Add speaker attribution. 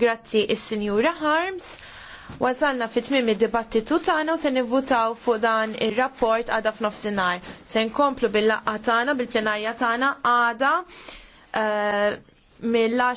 Speaker 1: Grazzi is-Sinjura Harms. Wasalna fit tmim id-dibattitu tagħna u se nivvutaw fuq dan ir-rapport għada f'nofsinhar. Se nkomplu bil-laqgħa tagħna bil-plenarja tagħna għada eh, mill-10